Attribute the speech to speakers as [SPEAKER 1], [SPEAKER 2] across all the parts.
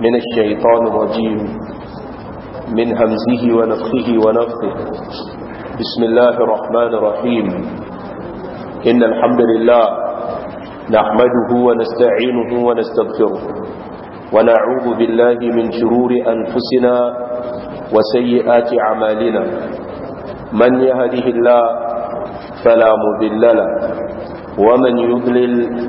[SPEAKER 1] من الشيطان الرجيم من همزه ونفخه ونفخه بسم الله الرحمن الرحيم إن الحمد لله نحمده ونستعينه ونستغفره ونعوذ بالله من شرور أنفسنا وسيئات أعمالنا من يهده الله فلا مذل له ومن يضلل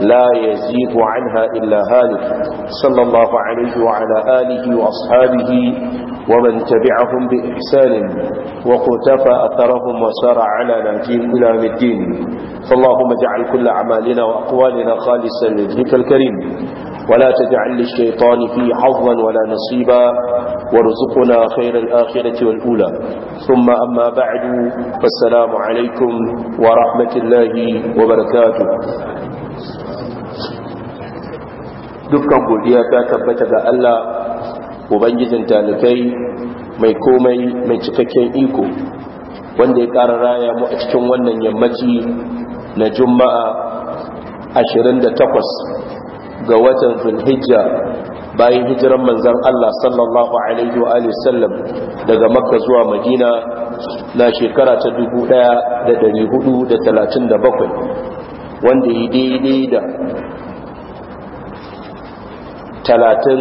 [SPEAKER 1] لا يزيد عنها إلا هالك صلى الله عليه وعلى آله وأصحابه ومن تبعهم بإحسان وقتفى أثرهم وسار على نهجهم إلى الدين فاللهم اجعل كل أعمالنا وأقوالنا خالصا لذلك الكريم ولا تجعل للشيطان فيه حظا ولا نصيبا وارزقنا خير الآخرة والأولى ثم أما بعد فالسلام عليكم ورحمة الله وبركاته dukkan godiya ta tabbata ga Allah ubangijin talibai mai komai mai cikakken iko wanda ya ƙara raya mu a cikin wannan yammaci na juma'a 28 ga watan zulhijja bayan hijiran manzan Allah sallallahu alaihi wa sallam daga makka zuwa madina na shekara ta 1437 wanda ya daidai da talatin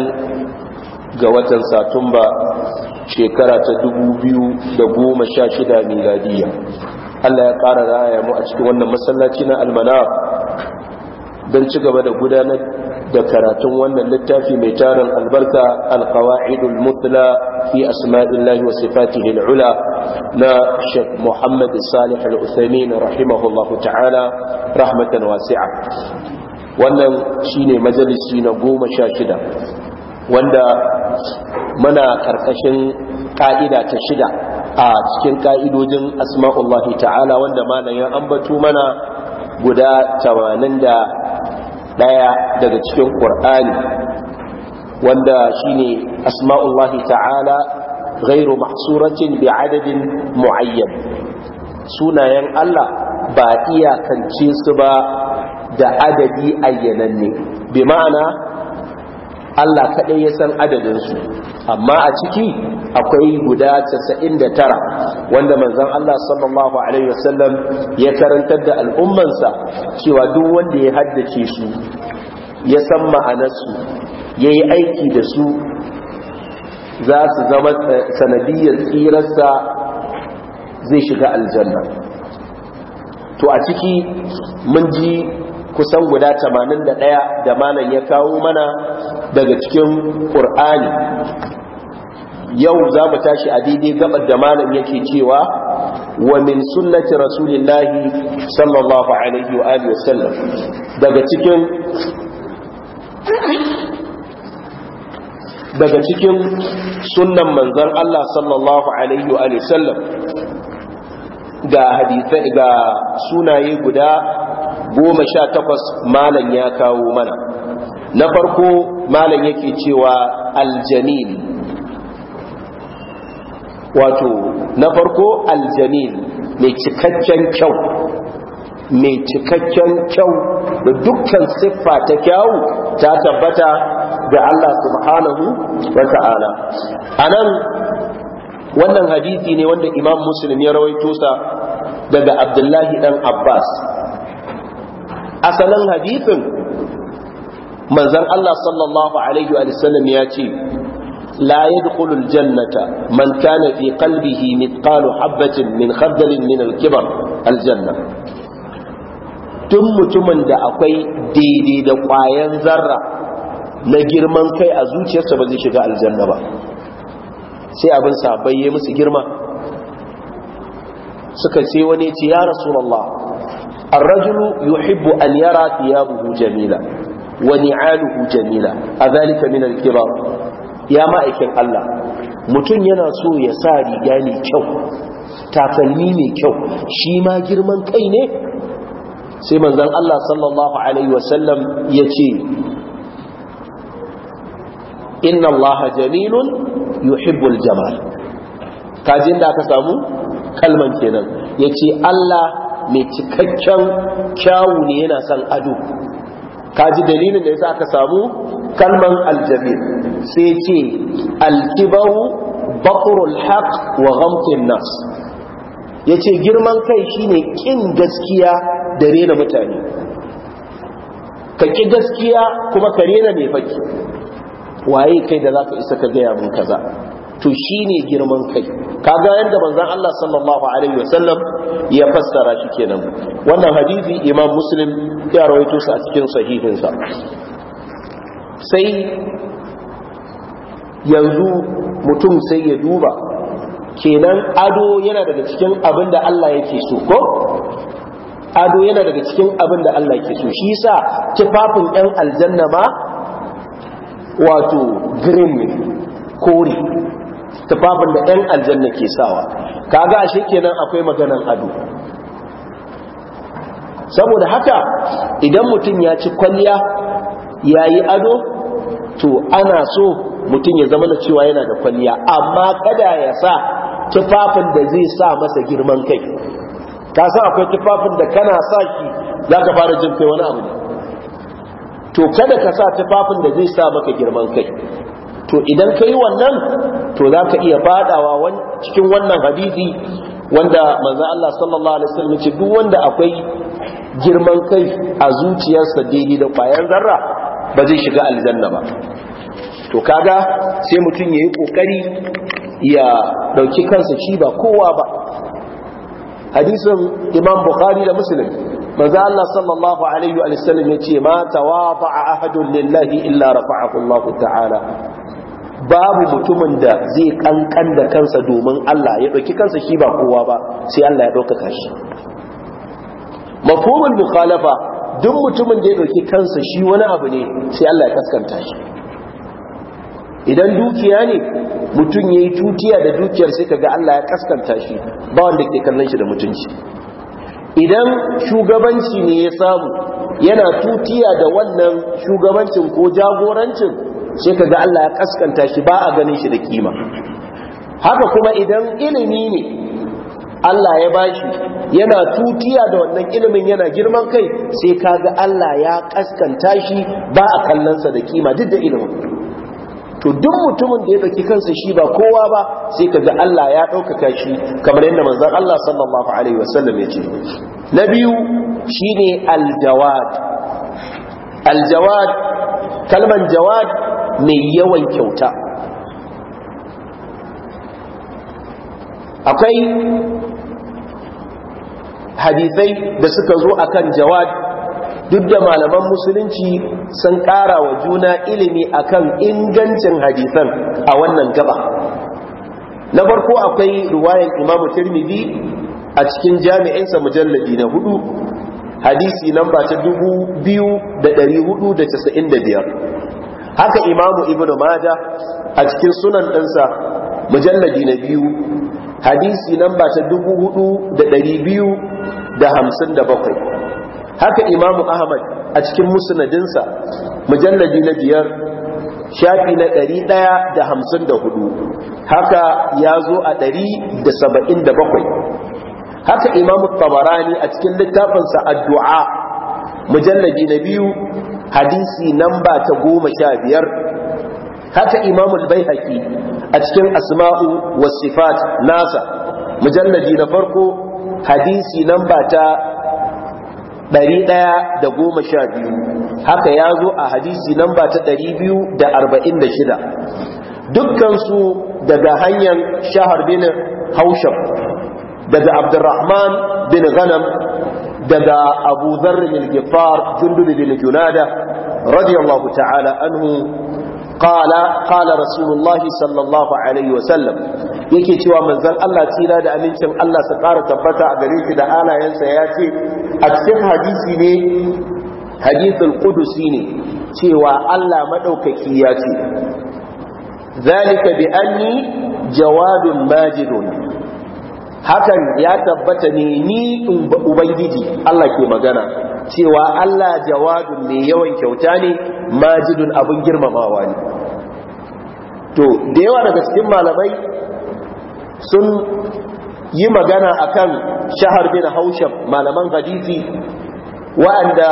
[SPEAKER 1] ga watan satumba shekara ta dubu biyu da goma sha shida miladiya allah ya ƙara raya mu a cikin wannan masallaci na almana don ci gaba da gudanar da karatun wannan littafi mai tarin albarka alkawa'idul mutla fi asma'illahi wa sifati al'ula na Sheikh Muhammad Salih Al-Uthaymeen rahimahullahu ta'ala rahmatan wasi'a wannan shine majalisi na goma sha shida wanda mana karkashin ka'ida ta shida a cikin ka'idojin asma'ullahi ta'ala wanda malayan ambato mana guda tamanin da ɗaya daga cikin ƙur'ani wanda shine asma'ullahi ta'ala غير محصورة adadin معين sunayen Allah ba iyakance su ba da adadi ne bi ma'ana Allah kaɗai ya san adadinsu amma a ciki akwai guda 99 wanda manzon Allah sallallahu alaihi wasallam ya karantar da al'ummansa cewa duk wanda ya haddace su ya san ma'anarsu ya yi aiki da su za su zama eh, sanadiyar tsirarsa zai shiga aljanna to a ciki mun ji kusan guda 81 da malam ya kawo mana daga cikin ƙur'ani yau za mu tashi a daidai gabar da malam yake cewa wa min sunnati rasulillahi sallallahu alaihi wa alihi wasallam daga cikin daga cikin sunnan manzon Allah sallallahu alaihi wa alihi wasallam ga hadisi ga sunaye guda goma sha takwas malam ya kawo mana na farko malam yake cewa Aljamil wato na farko Aljamil mai cikakken kyau mai cikakken kyau da dukkan siffa ta kyau ta tabbata ga Allah subhanahu wa ta'ala anan wannan hadisi ne wanda imam muslim ya rawaito sa daga abdullahi dan abbas asalin hadithin manzon Allah sallallahu alaihi wa sallam ya ce la yadkhulu aljannata man kana fi qalbihi mithqalu habatin min khardalin min alkibar aljanna tun mutumin da akwai daidai da ƙwayan zarra na girman kai a zuciyarsa ba zai shiga aljanna ba sai abin sabai ya musu girma suka ce wani ce ya rasulallah الرجل يحب أن يرى ثيابه جميلة ونعاله جميلة أذلك من الكبار يا مائكين Allah. mutum yana so ya sa riga mai kyau takalmi mai kyau shi ma girman kai ne sai manzan Allah sallallahu Alaihi wasallam ya ce inna Allah jamilun yuhibbul jamal kajin da aka samu kalman kenan ya ce Allah mai cikakken kyawu ne yana son ado kaji dalilin da yasa aka samu kalman aljabir sai ce alkibahu bakrul haq wa ghamtin nas yace girman kai shine kin gaskiya da rena mutane ka ki gaskiya kuma ka rena mai fakki. waye kai da zaka isa ka gaya mun kaza to shine girman kai kaga yadda manzon Allah sallallahu alaihi wasallam ya fassara shi kenan wannan hadisi Imam Muslim ya rawaito shi a cikin sahihinsa sai yanzu mutum sai ya duba kenan ado yana daga cikin abin da Allah yake so ko ado yana daga cikin abinda da Allah yake so shi yasa tufafin 'yan aljanna ba wato green kori. kore tufafin da 'yan aljanna ke sawa kaga ashe kenan akwai maganan ado saboda haka idan mutum ya ci kwalliya ya yi ado to ana so mutum ya zama da cewa yana da kwalliya amma kada ya sa tufafin da zai sa masa girman kai ka san akwai tufafin da kana sa ki za ka fara jin kai wani abu ne to kada ka sa tufafin da zai sa maka girman kai to idan ka yi wannan to za ka iya fadawa cikin wannan hadisi wanda manzo Allah sallallahu alaihi wasallam ce duk wanda akwai girman kai a zuciyarsa daidai da ƙwayar zarra ba zai shiga aljanna ba to kaga sai mutum yayi kokari ya dauki kansa shi ba kowa ba hadisin Imam Bukhari da Muslim manzo Allah sallallahu alaihi wasallam yace ma a ahadun lillahi illa rafa'ahu Allah ta'ala babu mutumin da zai kankan da kansa domin Allah ya ɗauki kansa shi ba kowa ba sai Allah ya ɗaukaka shi mafhumul mukhalafa duk mutumin da ya ɗauki kansa shi wani abu ne sai Allah ya kaskanta shi idan dukiya ne mutum ya yi tutiya da dukiyar sai kaga Allah ya kaskanta shi ba wanda ke kallon shi da mutunci idan shugabanci ne ya samu yana tutiya da wannan shugabancin ko jagorancin sai ka ga Allah ya kaskanta shi ba a ganin shi da kima haka kuma idan ilimi ne Allah ya bashi yana tutiya da wannan ilimin yana girman kai sai ka ga Allah ya kaskanta shi ba a kallonsa da kima duk da ilimin to duk mutumin da ya ɗauki kansa shi ba kowa ba sai ka ga Allah ya ɗaukaka shi kamar yadda manzon Allah sallallahu alaihi wasallam ya ce na biyu shine aljawad aljawad kalman jawad mai yawan kyauta akwai hadisai da suka zo akan jawad duk da malaman musulunci sun ƙara wa juna ilimi akan ingancin hadisan a wannan gaba na farko akwai ruwayan imamu tirmidhi a cikin jami'insa mujalladi na hudu hadisi namba ta dubu biyu da da da hudu casa'in biyar. haka imamu ibnu maja a cikin sunan ɗansa mujalladi na biyu hadisi namba ta dubu da biyu haka imamu ahmad a cikin musnadinsa mujalladi na biyar shafi na ɗari ɗaya da hamsin haka ya zo a 177 da haka imamu tabarani a cikin littafinsa addu'a mujalladi na biyu hadisi namba ta goma sha biyar haka imamul baihaqi a cikin asma'u wa sifat nasa mujalladi na farko hadisi namba ta ɗari ɗaya da goma sha biyu haka ya zo a hadisi namba ta ɗari biyu da arba'in da shida dukkansu daga hanyar shahar bin haushab daga abdurrahman bin ghanam daga abu zarrin al-gifar jundul bin junada radiyallahu ta'ala anhu qala qala rasulullah sallallahu alaihi wasallam yake cewa manzon Allah tsira da amincin Allah su ƙara tabbata a gare shi da alayensa ya ce a cikin hadisi ne hadithul qudusi ne cewa Allah madaukaki ya ce zalika bi anni jawadun majidun hakan ya tabbata ne ni ubangiji Allah ke magana cewa Allah jawadun mai yawan kyauta ne majidun abin girmamawa ne to da yawa daga cikin malamai sun yi magana akan shahar bin haushab malaman hadisi wa'anda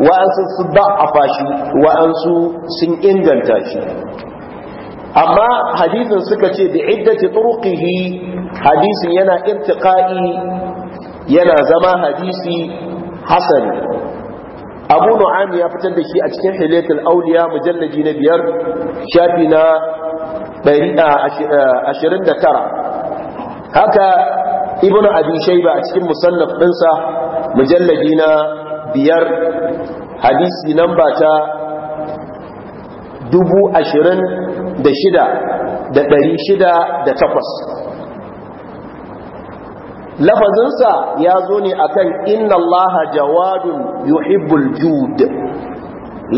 [SPEAKER 1] wa'ansu su da'afa shi wa'ansu sun inganta shi amma hadisin suka ce bi iddati turqihi hadisin yana irtiqai yana zama hadisi hasan Abu Nu'am ya fitar da shi a cikin Hilatul Awliya mujallaji na biyar shafi na 129 haka Ibnu Abi Shayba a cikin musannaf ɗinsa mujallaji na biyar hadisi namba ta dubu ashirin da shida da ɗari shida da takwas lafazinsa ya zo ne akan inna allaha jawadun yuhibbul jud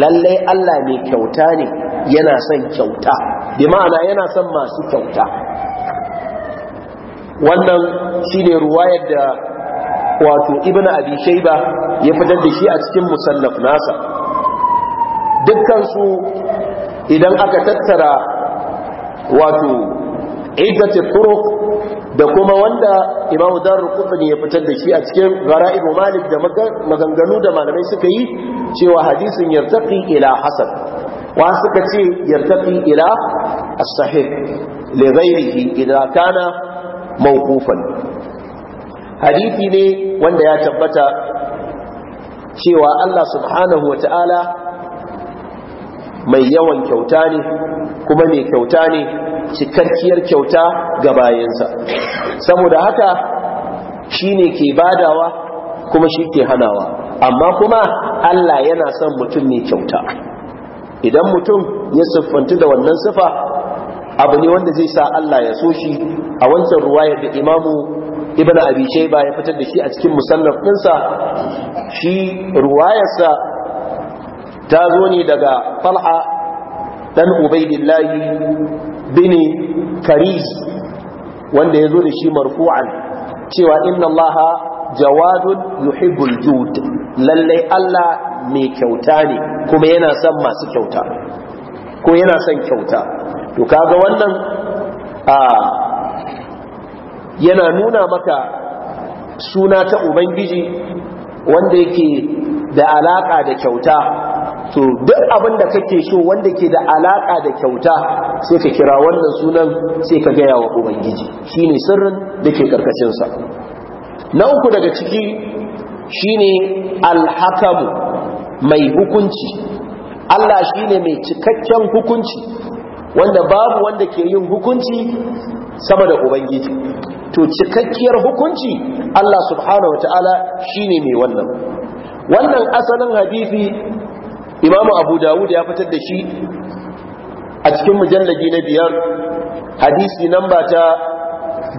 [SPEAKER 1] lallai allah mai kyauta ne yana son kyauta bi ma'ana yana son masu kyauta wannan shi ne ruwayar da wato Ibn abi shaiba ya fitar da shi a cikin musannaf nasa dukkansu idan aka tattara wato iddati turuq da kuma wanda Imam Darul Qutni ya fitar da shi a cikin garaibu Malik da maganganu da malamai suka yi cewa hadisin yartaqi ila hasan wa suka ce yartaqi ila as-sahih li ghairihi idan kana mawqufan hadisi ne wanda ya tabbata cewa Allah subhanahu wa ta'ala mai yawan kyauta ne kuma mai kyauta ne cikakkiyar kyauta ga bayansa saboda haka shi ne ke badawa kuma shi ke hanawa amma kuma Allah yana son mutum mai kyauta idan mutum ya siffantu da wannan sifa abu ne wanda zai sa Allah ya so shi a wancan ruwayar da imamu ibn abi shayba ya fitar da shi a cikin musannaf ɗinsa shi ruwayarsa ta zo ne daga fal'a, dan ubaidillahi bin karis wanda ya zo da shi marfu'an cewa inna allaha jawadun yuhibbul jud lallai allah mai kyauta ne kuma yana son masu kyauta ko yana son kyauta to kaga wannan a yana nuna maka suna ta ubangiji wanda yake da alaka da kyauta to duk abin da kake so wanda ke da alaka da kyauta sai ka kira wannan sunan sai ka gaya wa ubangiji shine sirrin da ke karkashin sa na uku daga ciki shine alhakamu mai hukunci Allah shine mai cikakken hukunci wanda babu wanda ke yin hukunci sama da ubangiji to cikakkiyar hukunci Allah subhanahu wataala shine mai wannan wannan asalin hadisi imamu abu dawud ya fitar da shi a cikin mujallabi na biyar hadisi namba ta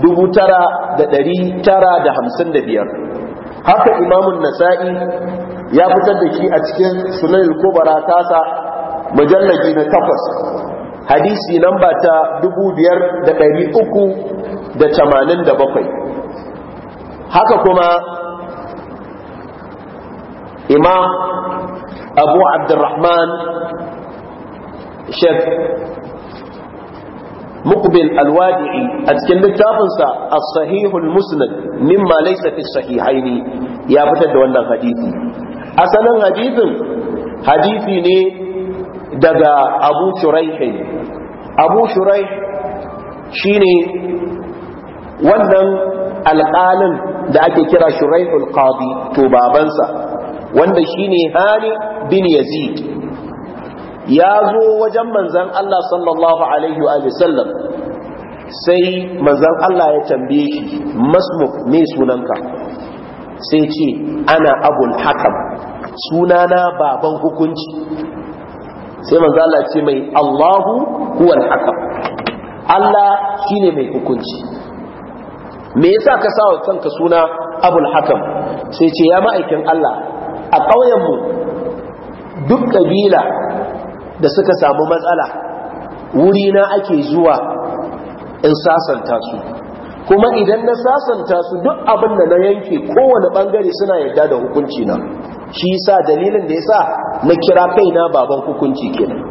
[SPEAKER 1] dubu tara da hamsin da biyar haka imamun nasa'i ya fitar da shi a cikin sunan Kobara tasa mujallabi na takwas hadisi namba ta dubu haka kuma imam abu abdurrahman shek mukbil alwadi'i a cikin littafinsa as-sahihul musnad mimma laysa fi sahihaini ya fitar da wannan hadisi asalin hadisin hadisi ne daga abu shuraih abu shuraih shine wannan alƙalin da ake kira shuraihul qadi to babansa wanda shine hani bin yazid ya zo wajen manzan Allah sallallahu alaihi wa sallam sai manzan Allah ya tambaye shi masmuk me sunanka sai ce ana abul hakam sunana baban hukunci sai manzan Allah ce mai Allahu huwal hakam Allah shine mai hukunci me yasa ka sa wa kanka suna abul hakam sai ce ya ma'aikin Allah a ƙauyenmu duk ƙabila da suka samu matsala wuri na ake zuwa in sasanta su kuma idan na sasanta su duk abin da na yanke kowane ɓangare suna yarda da hukunci na shi sa dalilin da ya sa na kira kaina baban hukunci kenan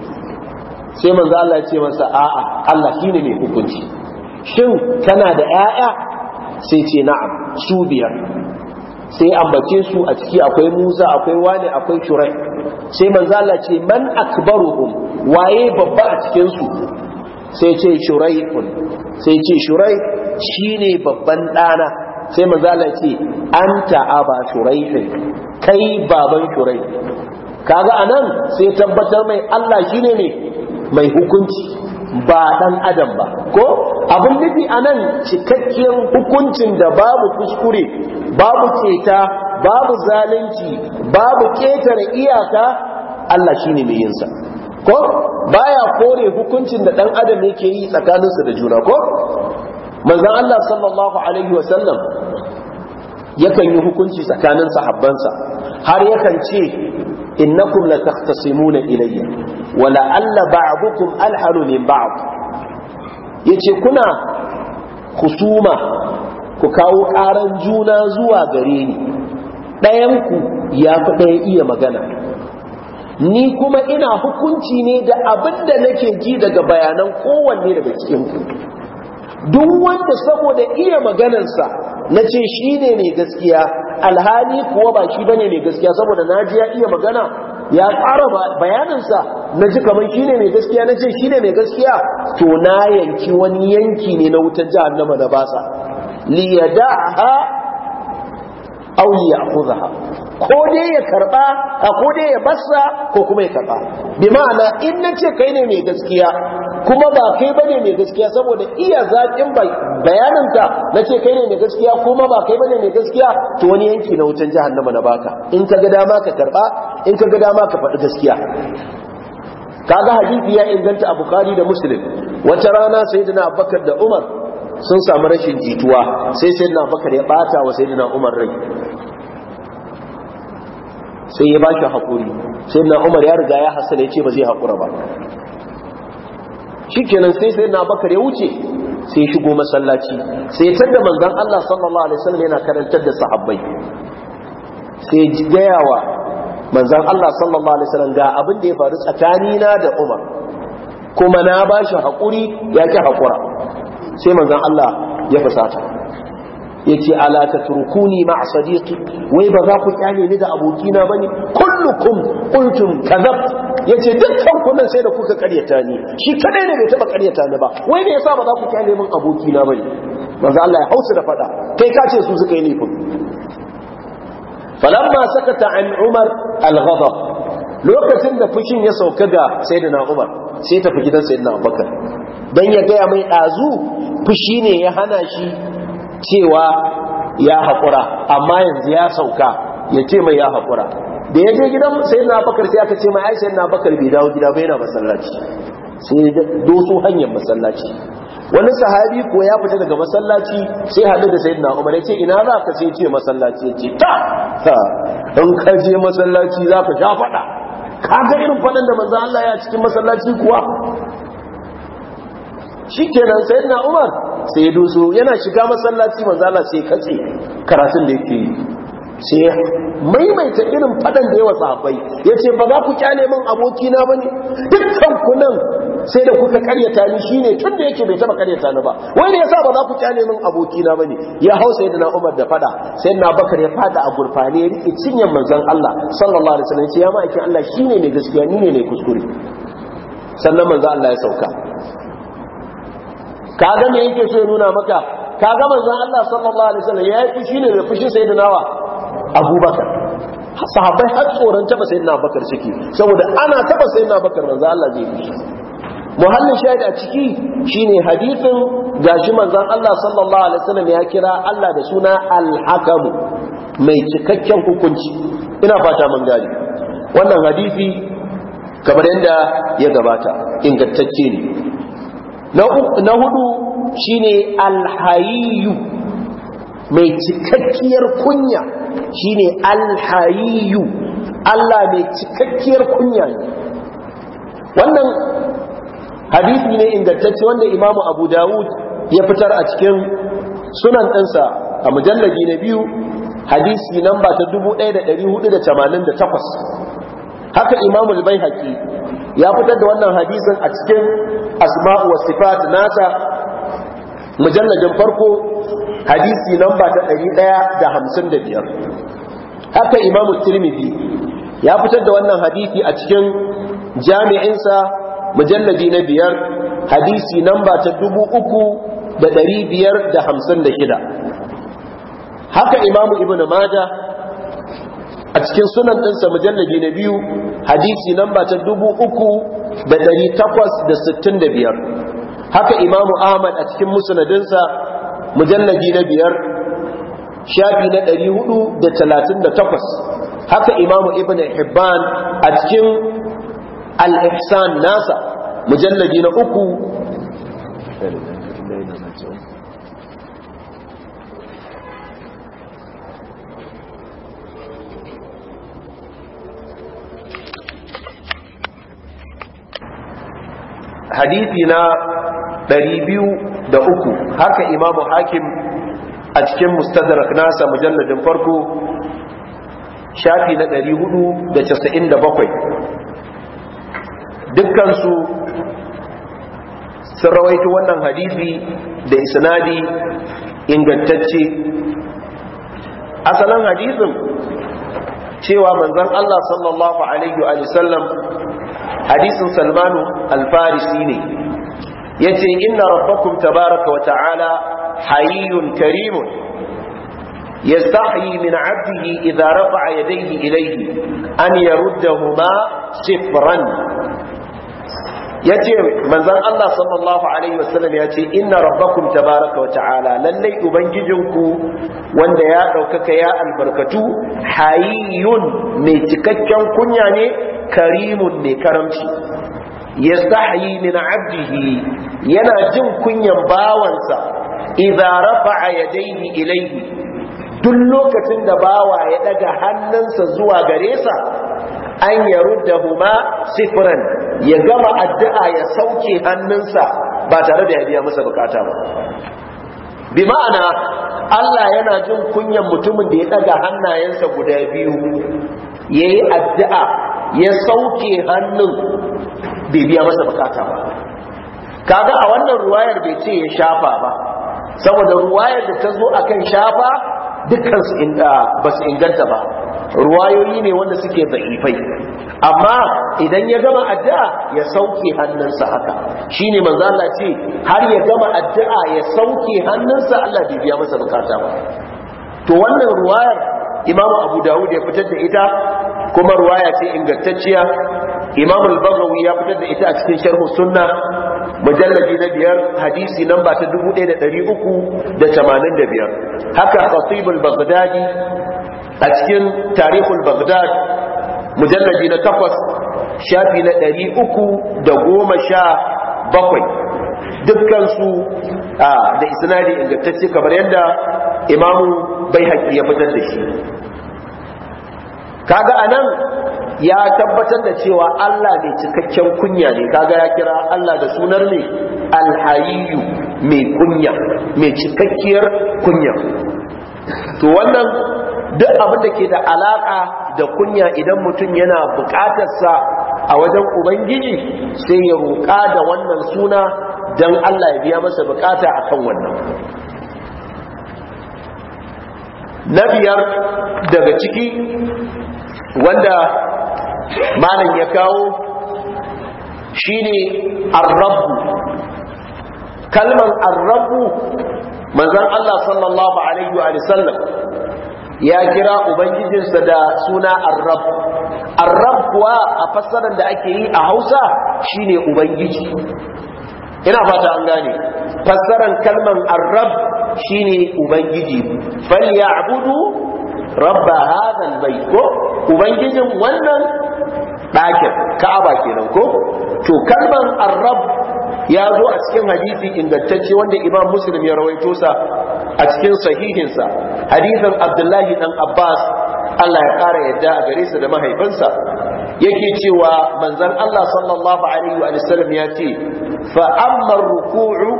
[SPEAKER 1] sai manzo Allah ya ce masa a'a Allah shine mai hukunci shin kana da 'ya'ya sai ce na'am su biyar sai ambace su a ciki akwai Musa akwai Wani akwai Shurai sai manzo Allah ce man akbaruhum waye babba a cikin su sai ce kun sai ce Shurai shine babban dana sai manzo Allah ce anta aba Shurai kai baban Shurai kaga anan sai tabbatar mai Allah shine ne mai hukunci ba dan adam ba ko abun nufi anan nan cikakken hukuncin da babu kuskure babu keta babu zalunci babu ketare iyaka Allah shine mai yinsa ko baya kore hukuncin da dan adam yake yi tsakaninsa da juna ko manzon Allah sallallahu alaihi wasallam yakan yi hukunci tsakanin sahabbansa har yakan ce innakum la taqtasimuna ilayya wa alla ba'dukum alhanu min ba'd yace kuna husuma ku kawo karan juna zuwa gare ni ɗayan ku ya fi ɗaya iya magana ni kuma ina hukunci ne da abin da nake ji daga bayanan kowanne daga cikin ku duk wanda saboda iya maganarsa na ce shi ne mai gaskiya alhali kuwa ba shi bane mai gaskiya saboda na ji ya iya magana ya fara bayaninsa na ji kamar shi ne mai gaskiya na ce shi ne mai gaskiya to na yanki wani yanki ne na wutar jahannama na basa da ha auliya ko dai ya karba ko dai ya basa ko kuma ya karba bi ma'ana in nace kai ne mai gaskiya kuma ba kai bane mai gaskiya saboda iya zaƙin bayaninta na ce kai ne mai gaskiya kuma ba kai bane mai gaskiya to wani yanki na wutan jahannama na baka in ka ga dama ka karba in ka ga dama ka faɗi gaskiya kaga hadisi ya inganta a bukhari da muslim wata rana sayyidina abubakar da umar sun samu rashin jituwa sai sayyidina abubakar ya bata wa sayyidina umar rai sai ya ba shi hakuri sayyidina umar ya riga ya hasala ya ce ba zai haƙura ba shikenan sai sai na bakar ya wuce sai ya shigo masallaci sai ya da manzan Allah sallallahu alaihi wasallam yana karantar da sahabbai sai ya gaya wa manzon Allah sallallahu alaihi wasallam ga abin da ya faru tsakani na da Umar kuma na bashi hakuri ya ki hakura sai manzon Allah ya fusata yace ala tatrukuni ma sadiqi wai ba za ku kyale ni da abokina bane kullukum qultum kadhab yace dukkan ku nan sai da kuka karyata ni shi kadai ne bai taba karyata ni ba wai me yasa ba za ku kyale min abokina bane manzo Allah ya hausa da fada kai ka ce su suka yi laifin falamma sakata an umar al lokacin da fushin ya sauka ga sayyidina umar sai fi gidan sayyidina abubakar dan ya gaya mai dazu fushi ne ya hana shi cewa ya haƙura amma yanzu ya sauka ya ce mai ya haƙura da ya je gidan sai na bakar sai aka ce mai aisha na bakar bai dawo gida bai na masallaci sai doso hanyar masallaci wani sahabi ko ya fita daga masallaci sai haɗu da sayyidina umar ya ce ina za ka sai ce masallaci ya ce ta ta in ka je masallaci za ka sha faɗa ka ga irin faɗan da manzo Allah ya cikin masallaci kuwa shikenan sayyidina umar sai ya duso yana shiga masallaci manzala sai katse karatun da yake yi sai maimaita irin fadan da yawa ya ce ba za ku kyale min aboki na bane dukkan ku nan sai da kuka karyata ni shine tun da yake bai taba karyata ni ba wai ne ya sa ba za ku kyale min aboki na ne? ya hausa yadda na Umar da fada sai na Bakar ya fada a gurfane ya rike cinyan manzan Allah sallallahu alaihi wasallam ya ma aiki Allah shine mai gaskiya ni ne ne kuskure sannan manzan Allah ya sauka kaga me yake so ya nuna maka kaga manzon Allah sallallahu alaihi wasallam ya yi fushi ne da fushin sayyidina wa Abubakar sahabbai har tsoron taba sayyidina Abubakar ciki saboda ana taba sayyidina Abubakar manzon Allah zai fushi muhallin shahid a ciki shine hadithin gashi manzon Allah sallallahu alaihi wasallam ya kira Allah da suna al-hakam mai cikakken hukunci ina fata mun gane wannan hadisi kamar yadda ya gabata ingantacce ne na hudu shine alhayiyu mai cikakkiyar kunya Shi ne alhayiyu Allah mai cikakkiyar kunya ne wannan hadisi ne ingantacce wanda imamu abu dawud ya fitar a cikin sunan ɗansa a mujallabi na biyu hadisi namba ta 1488 haka imamu Baihaki haƙi ya fitar da wannan hadisin a cikin asma'u wa sifat nasa mujalladin farko hadisi namba ta biyar. haka imamu tirmidhi ya fitar da wannan hadisi a cikin jami'insa mujalladi na biyar hadisi namba ta kida. haka imamu ibnu majah a cikin sunan ɗinsa mujalladi na biyu hadisi namba ta dubu uku da ɗari takwas da sittin da biyar haka imamu ahmad a cikin musanadinsa mujallabi na biyar shafi na ɗari hudu da talatin da takwas haka imamu ibn hibban a cikin al-ihsan nasa mujallabi na uku hadisi na 203 haka imamu hakim a cikin mustadrak nasa mujalladin farko shafi na 497 dukkansu sun rawaito wannan hadisi da isnadi ingantacce asalin hadisin cewa manzon Allah sallallahu alaihi wa sallam hadisin Salmanu alfarisi ne ya ce inna rabbakum tabaraka wa ta'ala hayiyun karimun yastahyi min abdihi idza rafa'a yadayhi ilaihi an huma sifran yace manzon Allah sallallahu alaihi wasallam yace inna rabbakum tabaraka wa ta'ala lalle ubangijinku wanda ya ɗaukaka ya albarkatu hayiyun mai cikakken kunya ne karimun ne karamci yastahyi min abdihi yana jin kunyan bawansa idza rafa'a yadayhi ilayhi duk lokacin da bawa ya daga hannunsa zuwa gare sa an ma sifran ya gama addu'a ya sauke hannunsa ba tare da ya biya masa bukata ba bi ma'ana Allah yana jin kunyan mutumin da ya daga hannayensa guda biyu yayi addu'a ya sauke hannun bai biya masa bukata ba kaga a wannan ruwayar bai ce ya shafa ba saboda ruwayar da ta zo akan shafa dukkan su ah, ba su inganta ba ruwayoyi ne wanda suke zaifai amma idan ya gama addu'a ya sauke hannunsa haka shine manzo Allah ce har ya gama addu'a ya sauke hannunsa Allah bai biya masa bukata ba to wannan ruwayar Imam Abu Dawud ya fitar da ita kuma ruwaya ce ingantacciya imam al-baghawi ya fitar da ita a cikin sharhu sunna mujalladi na biyar hadisi namba ta da da da tamanin biyar. haka khatib al-baghdadi a cikin tarikh al-baghdad mujalladi na takwas shafi na 317 dukkansu da isnadi ingantacce kamar yadda imamu bai haƙi ya fitar da shi kaga anan ya tabbatar da cewa Allah ne cikakken kunya ne kaga ya kira Allah da sunar ne Alhayyu mai kunya mai cikakkiyar kunya to wannan duk abin da ke da alaka da kunya idan mutum yana bukatarsa a wajen ubangiji sai ya roƙa da wannan suna don Allah ya biya masa bukata akan wannan na biyar daga ciki wanda malam ya kawo shine ar-rabb kalman ar-rabb manzon Allah sallallahu alaihi wa sallam ya kira ubangijinsa da suna ar-rabb kuwa a fassarar da ake yi a Hausa shine ubangiji ina fata an gane fassaran kalman arrab shine ubangiji fal ya'budu rabba hadha bai ko ubangijin wannan ɗakin ka'aba kenan ko to kalman arab ya zo a cikin hadisi ingantacce wanda imam muslim ya rawaito sa a cikin sahihinsa hadisin abdullahi dan abbas allah ya ƙara yadda a gare da mahaifinsa yake cewa manzon allah sallallahu alaihi wa sallam ya ce fa amma ruku'u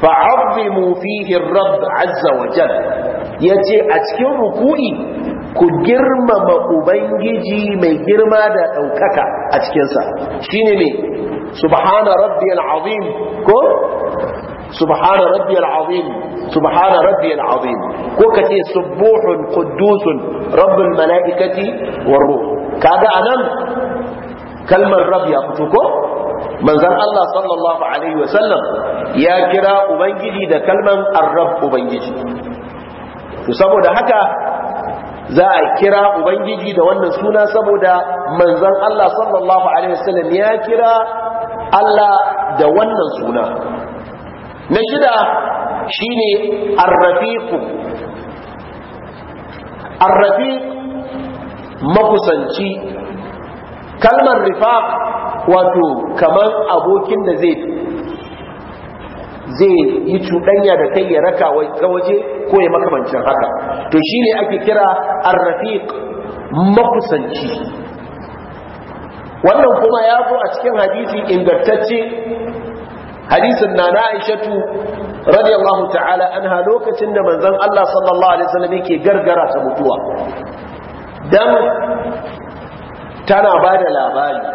[SPEAKER 1] fa azzimu fihi rabb azza wa jal yace a cikin ruku'i ku girmama ubangiji mai girma da ɗaukaka a cikinsa shine ne subhana rabbiyal azim ko subhana rabbiyal azim subhana rabbiyal azim ko kace subuhun quddusun rabbul malaikati war ruh kaga anan kalmar rabb ya fito ko manzon Allah sallallahu alaihi wasallam ya kira ubangiji da kalman Arrab ubangiji to saboda haka za a kira ubangiji da wannan suna saboda manzan Allah sallallahu alaihi wasallam ya kira Allah da wannan suna na shida shine ar-rafiq ar makusanci kalmar rifaq wato kamar abokin da zai zai yi cuɗanya da kai ya raka ka waje ko ya makamancin haka to shine ake kira ar makusanci wannan kuma ya zo a cikin hadisi ingantacce hadisin na na aishatu radiyallahu ta'ala anha lokacin da manzon Allah sallallahu alaihi wasallam yake gargara ta mutuwa dan tana ba da labari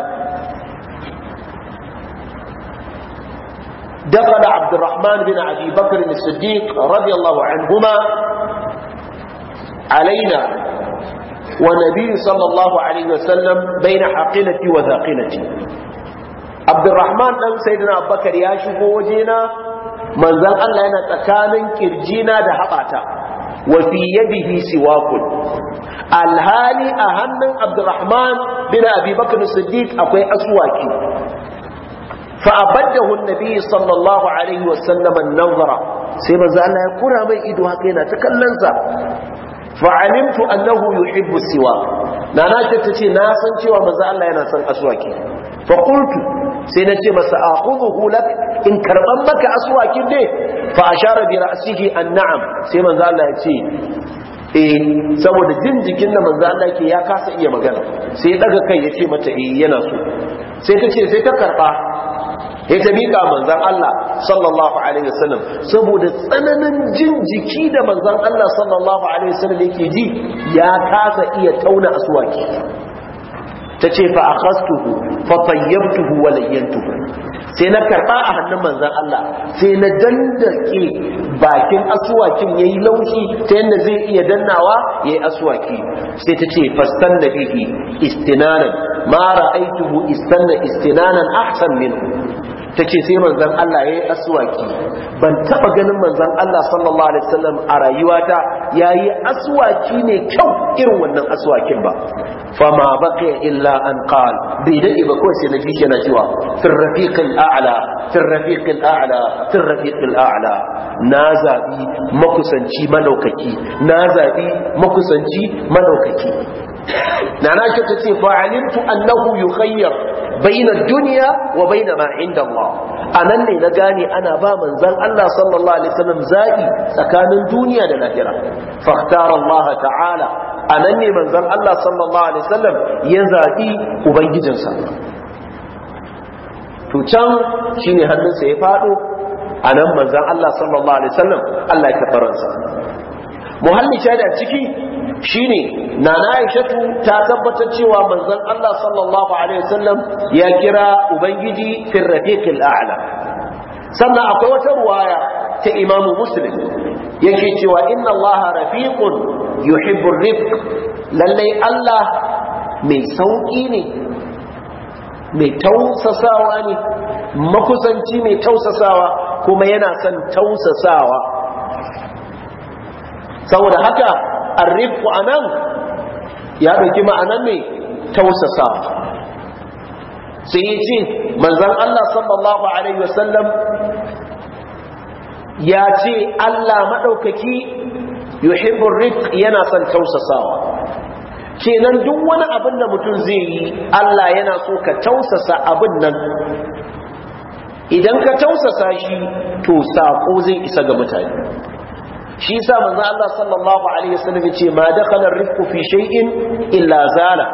[SPEAKER 1] دخل عبد الرحمن بن أبي بكر الصديق رضي الله عنهما علينا ونبي صلى الله عليه وسلم بين حقنتي وذاقنتي عبد الرحمن دان سيدنا أبو بكر يا شغو وجينا manzan Allah yana tsakanin kirjina da haɓata wa fi yadihi siwakun alhali a hannun abdurrahman bin abi bakr siddiq akwai aswaki fa abaddahu annabi sallallahu alaihi wasallam an-nazara sai manzo Allah ya kura mai ido haka yana ta kallon sa fa alimtu annahu yuhibbu siwa na na ta ce na san cewa manzo Allah yana son aswaki fa qultu sai na ce masa in maka aswakin ne fa ashara bi ra'sihi an-na'am sai ya ce eh saboda jin jikin da manzo Allah ke ya kasa iya magana sai daga kai yace mata eh yana so sai ta ce sai ta karba ya ta miƙa manzan Allah sallallahu alaihi wasallam saboda tsananin jin jiki da manzan Allah sallallahu alaihi wasallam yake ji ya kasa iya tauna asuwaki ta ce fa akhastuhu fa sai na karɓa a hannun manzan Allah sai na dandake bakin asuwakin yayi laushi ta yadda zai iya dannawa yayi asuwaki sai ta ce fastan da bihi istinanan ma ra'aituhu istanna istinanan ahsan min. ta ce sai manzan Allah ya yi aswaki ban taɓa ganin manzan Allah sallallahu alaihi wasallam a rayuwata ya yi aswaki ne kyau irin wannan aswakin ba fama baka illa an qal bai daɗe ba kawai sai na ji yana cewa fil rafiqil a'la fil rafiqil a'la fil na zabi makusanci malaukaki. na zabi makusanci madaukaki nana shi ta ce fa'alimtu annahu yukhayyar bainar duniya wa bainar ma inda Allah a nan ne na gane ana ba manzan Allah sallallahu alaihi wasallam zaɓi tsakanin duniya da lahira fahtara Allah ta'ala a nan ne manzan Allah sallallahu alaihi wasallam ya zaɓi ubangijinsa to shi ne hannunsa ya faɗo a nan manzan Allah sallallahu alaihi wasallam Allah ya faransa. muhalli shada ciki shine nana aishatu ta tabbatar cewa manzon Allah sallallahu alaihi wasallam ya kira ubangiji fin rafiqil a'la sannan akwai wata ruwaya ta Imam Muslim yake cewa inna Allah rafiqun yuhibbu rifq lallai Allah mai sauki ne mai tausasawa ne makusanci mai tausasawa kuma yana son tausasawa saboda haka arrifku a nan ya ɗauki ma'anan mai tausasa sai yi ce manzan Allah sallallahu Alaihi wasallam ya ce Allah maɗaukaki yuhibbun rifk yana son tausasawa kenan duk wani abin da mutum zai yi Allah yana so ka tausasa abin nan idan ka tausasa shi to saƙo zai isa ga mutane shi yasa manzo Allah sallallahu alaihi wasallam yace ma dakhala ar-rifqu fi shay'in illa zala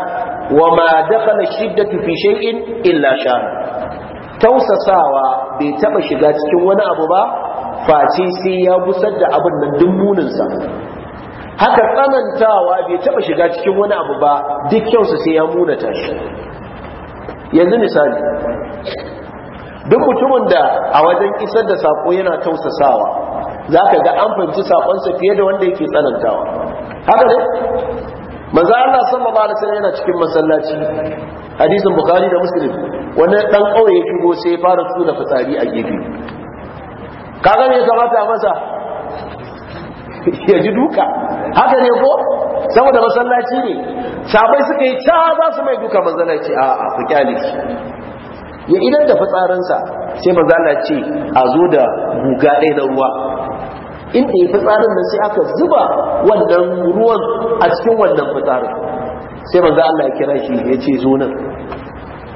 [SPEAKER 1] wa ma dakhala shiddatu fi shay'in illa shana tausasawa bai taba shiga cikin wani abu ba face sai ya gusar da abin nan dummunin sa haka tsanantawa bai taba shiga cikin wani abu ba duk kyausa sai ya muna tashi. yanzu misali duk mutumin da a wajen isar da sako yana tausasawa za ka ga an fahimci saƙonsa fiye da wanda yake tsanantawa haka ne manzo Allah sallallahu alaihi wasallam yana cikin masallaci hadisin bukhari da muslim wani dan kauye ya shigo sai ya fara tsuna fitsari a gefe kaga me ya kamata masa ya ji duka haka ne ko saboda masallaci ne sabai suka yi ta za su mai duka masallaci a a kyale ya idan da fitsarinsa sai manzo Allah ce a zo da guga ɗaya na ruwa inda ya fitsarin da sai aka zuba wannan ruwan a cikin wannan fitsarin sai manzo Allah ya kira shi ya ce zo nan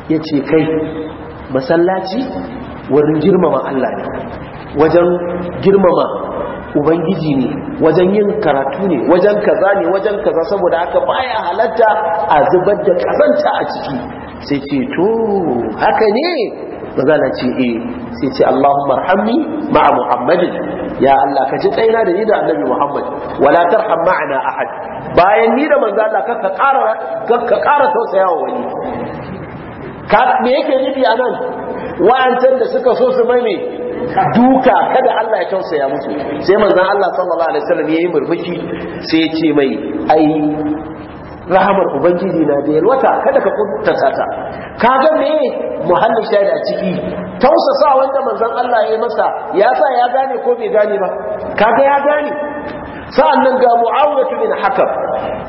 [SPEAKER 1] ya ce kai masallaci wurin girmama Allah ne wajen girmama ubangiji ne wajen yin karatu ne wajen kaza ne wajen kaza saboda haka baya halatta a zubar da kazanta a ciki sai ce to haka ne mazala ce e, sai ce Allahumma arhamni ma'a Muhammadin ya Allah ka ji kaina da ni da Annabi Muhammad wala tarham a ahad bayan ni da manzo Allah ka ka ƙara tausayawa wani ka me yake nufi anan wa'ancan da suka so su mai duka kada Allah ya tausaya musu sai manzon Allah sallallahu alaihi wasallam yayi murmushi sai ya ce mai ai rahamar ubangiji na da yalwata kada ka sata Ka ga me muhallin shayi a ciki tausasa wanda manzon Allah ya masa ya sa ya gane ko bai gane ba Ka ga ya gane sa'annan ga mu'awiyatu bin hakam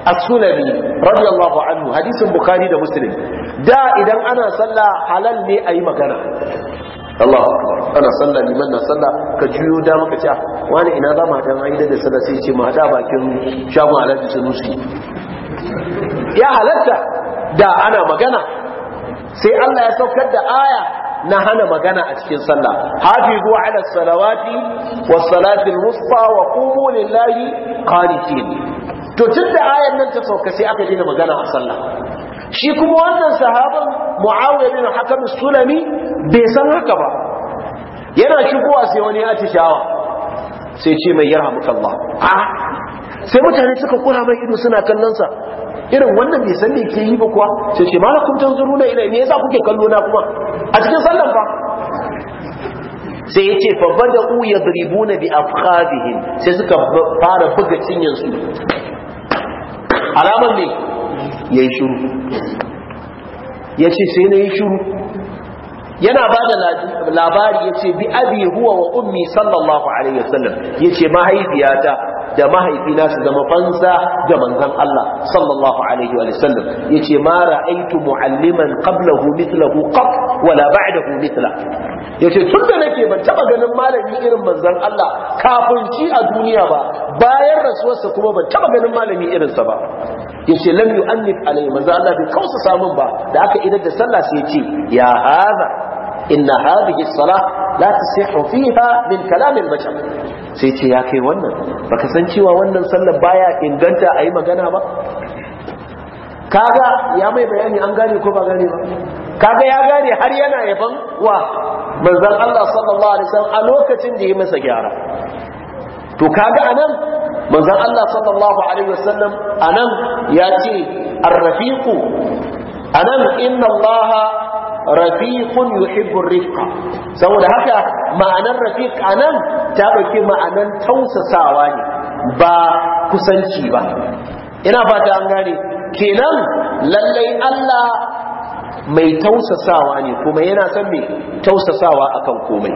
[SPEAKER 1] as-sulami radiyallahu anhu hadisin bukhari da muslim da idan ana sallah halal ne ayi magana Allah ana sallah liman na sallah ka juyo da maka ce ah, wani ina za mu hadan aida da sallah sai ce mu hada bakin shagon alhaji sunusi ya halatta da ana magana sai Allah ya saukar da aya na hana magana a cikin sallah hafizu ala salawati was salatil wusta wa qumu lillahi qanitin to tunda ayan nan ta sauka sai aka daina magana a sallah shi kuma wannan sahaban muawiya bin hakim sulami bai san haka ba yana shigowa sai wani atishawa sai ce mai yarhamukallah a sai mutane suka kura mai ido suna kallon sa irin wannan bai san me ke yi ba kuwa sai ce malakum tanzuruna ila me yasa kuke kallo na kuma a cikin sallan fa sai yace fa bada'u yadribuna bi afkhadihim sai suka fara buga cinyan su alamar ne yayi shiru yace sai na yi shiru yana ba da labari yace bi abi huwa wa ummi sallallahu alaihi wasallam yace mahaifiyata da mahaifina su zama fansa ga manzon Allah sallallahu alaihi wa sallam yace ma ra'aytu mu'alliman qablahu mithlahu qat wala ba'dahu mithla yace tun da nake ban taba ganin malami irin manzon Allah kafin ci a duniya ba bayan rasuwarsa kuma ban taba ganin malami irinsa ba yace lam yu'annif alai manzon Allah bai kausa samun ba da aka idar da sallah sai yace ya hadha inna hadhihi as-salah la tasihhu fiha min kalam al sai ce ya kai wannan baka san cewa wannan sallar baya inganta ayi magana ba kaga ya mai bayani an gane ko ba gane ba kaga ya gane har yana yaban wa manzon Allah sallallahu alaihi wasallam a lokacin da ya masa gyara to kaga anan manzon Allah sallallahu alaihi anan ya ce anan inna rafiqun yuhibbu rifqa saboda haka ma'anar rafiq nan ta dauki ma'anar tausasawa ne ba kusanci ba ina fata an gane kenan lallai Allah mai tausasawa ne kuma yana son mai tausasawa akan komai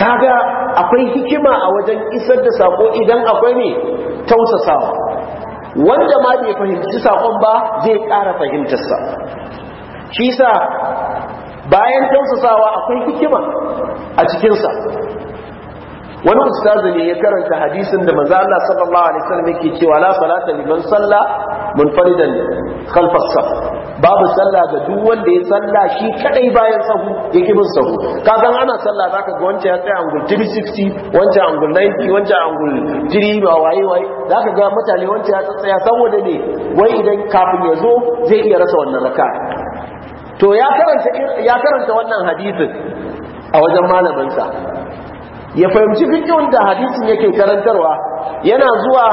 [SPEAKER 1] kaga akwai hikima a wajen isar da sako idan akwai ne tausasawa wanda ma bai fahimci sakon ba zai ƙara fahimtarsa shi sa bayan tausasawa akwai hikima a cikinsa wani ustazi ne ya karanta hadisin da manzo Allah sallallahu alaihi wasallam yake cewa la salata liman salla munfaridan khalf as-saf babu salla ga duk wanda ya salla shi kadai bayan sahu yake bin sahu kagan ana sallah zaka ga wancan ya tsaya angul 360 wancan angul 90 wancan angul 3 ba waye waye zaka ga mutane wancan ya tsaya saboda ne wai idan kafin ya zo zai iya rasa wannan raka'a to ya karanta ya karanta wannan hadisin a wajen malaminsa ya fahimci fiqhun da hadisin yake karantarwa yana zuwa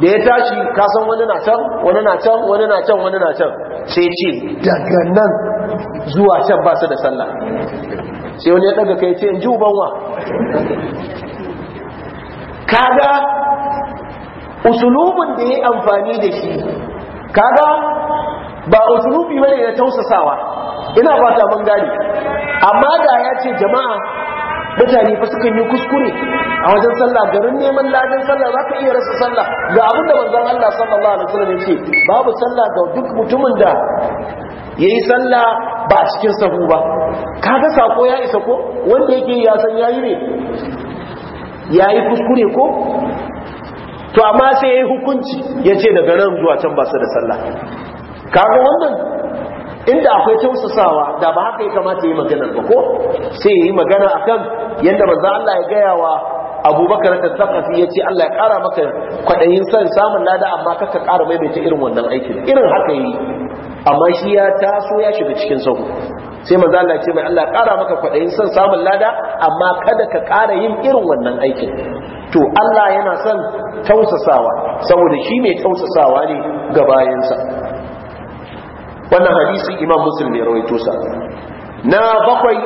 [SPEAKER 1] da ya tashi ka san wani na can wani na can wani na can wani na can sai ce
[SPEAKER 2] daga nan
[SPEAKER 1] zuwa can ba su da sallah sai wani ya daga kai ce in ji ubanwa kaga usulubin da ya amfani da shi kaga ba usulubi bane na tausasawa ina fata mun gane amma da ya ce jama'a mutane fa suka yi kuskure a wajen sallah garin neman ladan sallah za ka iya rasa sallah ga abinda manzon Allah sallallahu alaihi wasallam ya ce babu sallah ga duk mutumin da yayi sallah ba a cikin sahu ba kaga sako ya isa ko wanda yake ya san yayi ne yayi kuskure ko to amma sai yayi
[SPEAKER 2] hukunci ya ce
[SPEAKER 1] daga nan zuwa can ba su da sallah kaga wannan inda akwai tausasawa da ba haka ya kamata yi maganar ba ko sai yi magana akan yadda manzo Allah ya gaya wa Abubakar ta tsakafi ya ce Allah ya kara maka kwaɗayin son samun lada amma kaka kara maimaita irin wannan aikin irin haka yi amma shi ya taso ya shiga cikin sahu sai manzo Allah ya ce mai Allah ya kara maka kwaɗayin san samun lada amma kada ka kara yin irin wannan aikin to Allah yana son tausasawa saboda shi mai tausasawa ne ga bayansa wannan hadisi imam muslim ne rawaito sa na bakwai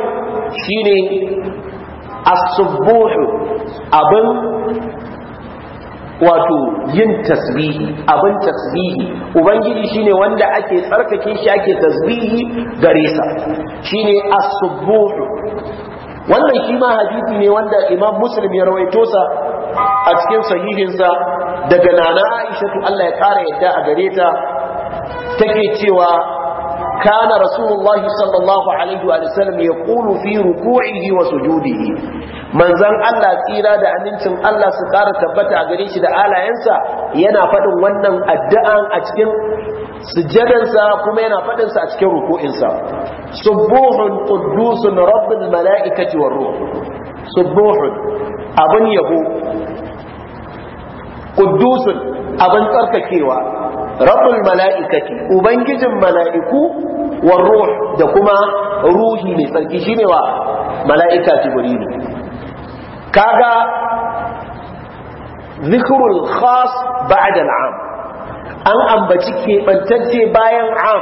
[SPEAKER 1] shine as abin wato yin tasbihi abin tasbihi ubangiji shine wanda ake tsarkake shi ake tasbihi gare sa shine as-subuh wannan shi ma hadisi ne wanda imam muslim ya rawaito sa a cikin sahihinsa daga nana aisha Allah ya kara yadda a gare ta take cewa kana rasulullahi sallallahu alaihi wa sallam ya kulu fi ruku'ihi wa sujudihi manzan Allah tsira da amincin Allah su kara tabbata a gare shi da alayensa yana fadin wannan addu'an a cikin sujadansa kuma yana faɗin sa a cikin ruku'insa subuhun quddusun rabbul malaikati war ruh subuhun abun yabo quddusun abun tsarkakewa rabbul mala'ikati ubangijin mala'iku warro ruh da kuma ruhi mai tsarki shine wa mala'ika jibrilu kaga zikrul khas ba'da al'am
[SPEAKER 2] an ambaci keɓantacce
[SPEAKER 1] bayan am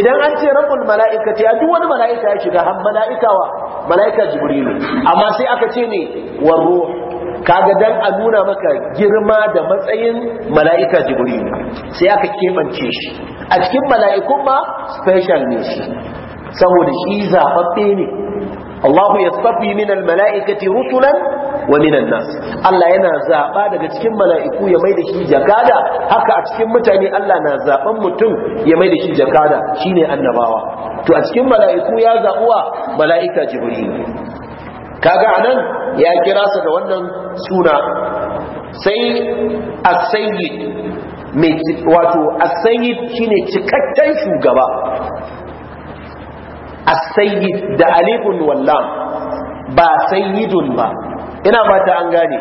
[SPEAKER 1] idan an ce rabul mala'ikati a duk wani mala'ika ya shiga har mala'ika wa mala'ika jibrilu amma sai aka ce ne warro. ruh kaga dan a nuna maka girma da matsayin mala'ika jibril sai aka kebance shi a cikin mala'ikun ma special ne shi saboda shi zafaffe ne Allahu yastafi min almala'ikati rusulan wa min nas Allah yana zaba daga cikin mala'iku ya maida shi jakada haka a cikin mutane Allah na zaban mutum ya maida shi jakada shine annabawa to a cikin mala'iku ya zabuwa mala'ika jibril kaga anan ya kira sa da wannan suna sai as-sayyid mai wato as-sayyid shine cikakken shugaba as-sayyid da alifun wallam ba sayyidun ba ina fata an gane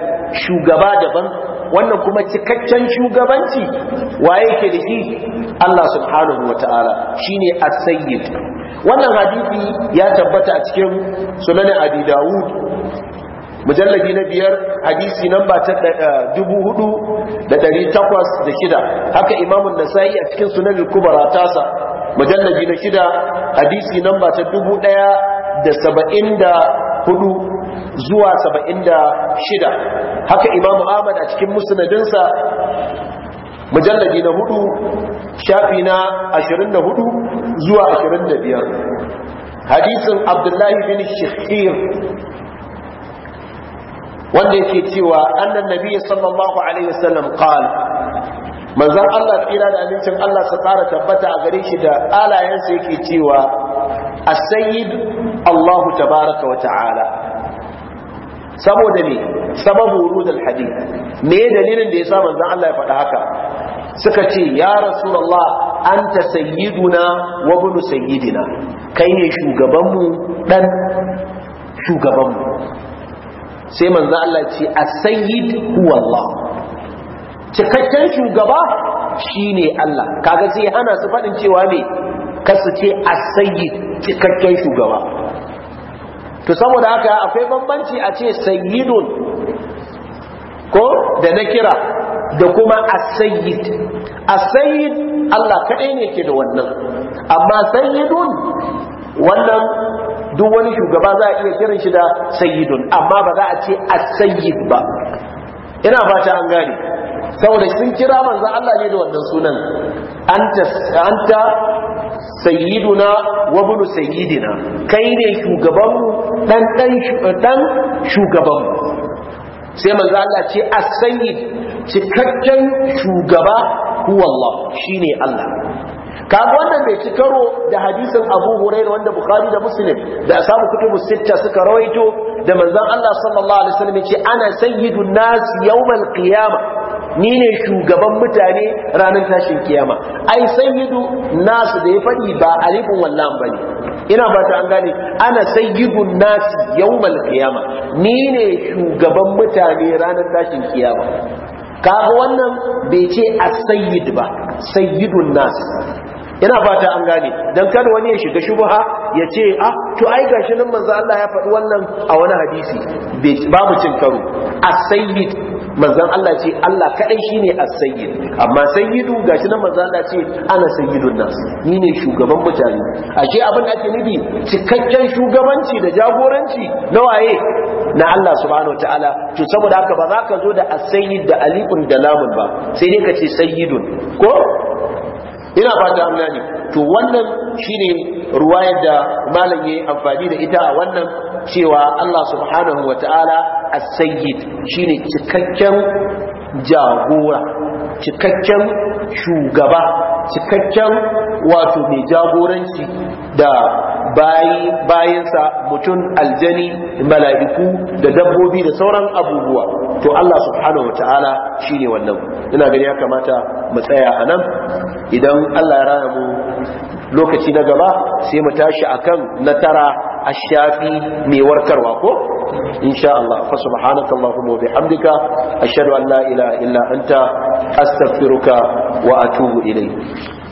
[SPEAKER 1] shugaba daban wannan kuma cikakken shugabanci waye ke da Allah subhanahu wataala shine as-sayyid wannan Hadithi ya tabbata a cikin sunan abi dawud mujallabi na biyar hadisi namba ta eh, dubu hudu da dari takwas da shida haka imamun nasa'i a cikin sunan kubara tasa mujallabi na shida hadisi namba ta dubu daya da saba'in da hudu zuwa saba'in da shida haka imamu ahmad a cikin musnadinsa mujalladi na hudu shafi na 24 zuwa 25 hadisin abdullahi bin shikhir wanda yake cewa annan nabi sallallahu alaihi wasallam qala manzon Allah tsira da amincin Allah su tsara tabbata a gare shi da alayensa yake cewa as-sayyid Allahu tabaraka wa ta'ala saboda ne sababu wurudul hadith me dalilin da yasa manzon Allah ya faɗa haka suka ce ya rasulullah anta sayyiduna wa bunu sayyidina kai ne shugabanmu dan shugabanmu sai manzo Allah ce as-sayyid huwa Allah cikakken shugaba shine Allah kaga sai hana su fadin cewa me kasu ce as-sayyid cikakken shugaba to saboda haka akwai bambanci a ce sayyidun ko da na kira da kuma asayyid asayyid Allah kadai ne ke da wannan amma sayyidun wannan duk wani shugaba za a iya kiran shi da sayyidun amma ba za a ce asayyid ba ina fata an gane saboda sun kira manzo Allah ne da wannan sunan anta anta sayyiduna wa bunu sayyidina kai ne shugabanmu dan dan dan shugabanmu sai manzo Allah ce as-sayyid cikakken shugaba huwa shine Allah kaga wannan bai ci karo da hadisin Abu Hurairah wanda Bukhari da Muslim da asabu kutubu sitta suka rawaito da manzon Allah sallallahu alaihi wasallam yace ana sayyidun nas yawmal qiyamah ni ne shugaban mutane ranar tashin kiyama ai sayyidu nas da ya fadi ba alifun wallan bane ina ba ta an gane ana sayyidun nas yawmal qiyamah ni ne shugaban mutane ranar tashin kiyama kaga wannan bai ce as-sayyid ba sayyidun nas ina fata an gane dan kada wani ya shiga shubha ya ce ah to ai gashi nan manzo Allah ya faɗi wannan a wani hadisi babu cin karo as-sayyid manzon Allah ce Allah kadai shine as-sayyid amma sayyidu gashi nan manzo Allah ce ana sayyidun nas ni ne shugaban mutane ashe abin da ake nufi cikakken shugabanci da jagoranci na waye na Allah subhanahu ta'ala to saboda haka ba za ka zo da as-sayyid da aliqun da lamun ba sai dai ka ce sayyidun ko ina fata an gane to wannan shine ruwayar da malam yayi amfani da ita a wannan cewa Allah subhanahu ta'ala as-sayyid shine cikakken jagora cikakken shugaba cikakken wato mai jagoranci da bayansa mutum aljani mala'iku da dabbobi da sauran abubuwa to Allah subhanahu wataala shine wannan ina gani ya kamata mu tsaya a nan idan Allah ya raya mu lokaci na gaba sai mu tashi akan na tara shafi mai warkarwa ko insha Allah fa subhanaka allahumma bihamdika
[SPEAKER 2] ashhadu an la ilaha illa anta astaghfiruka wa atubu ilayk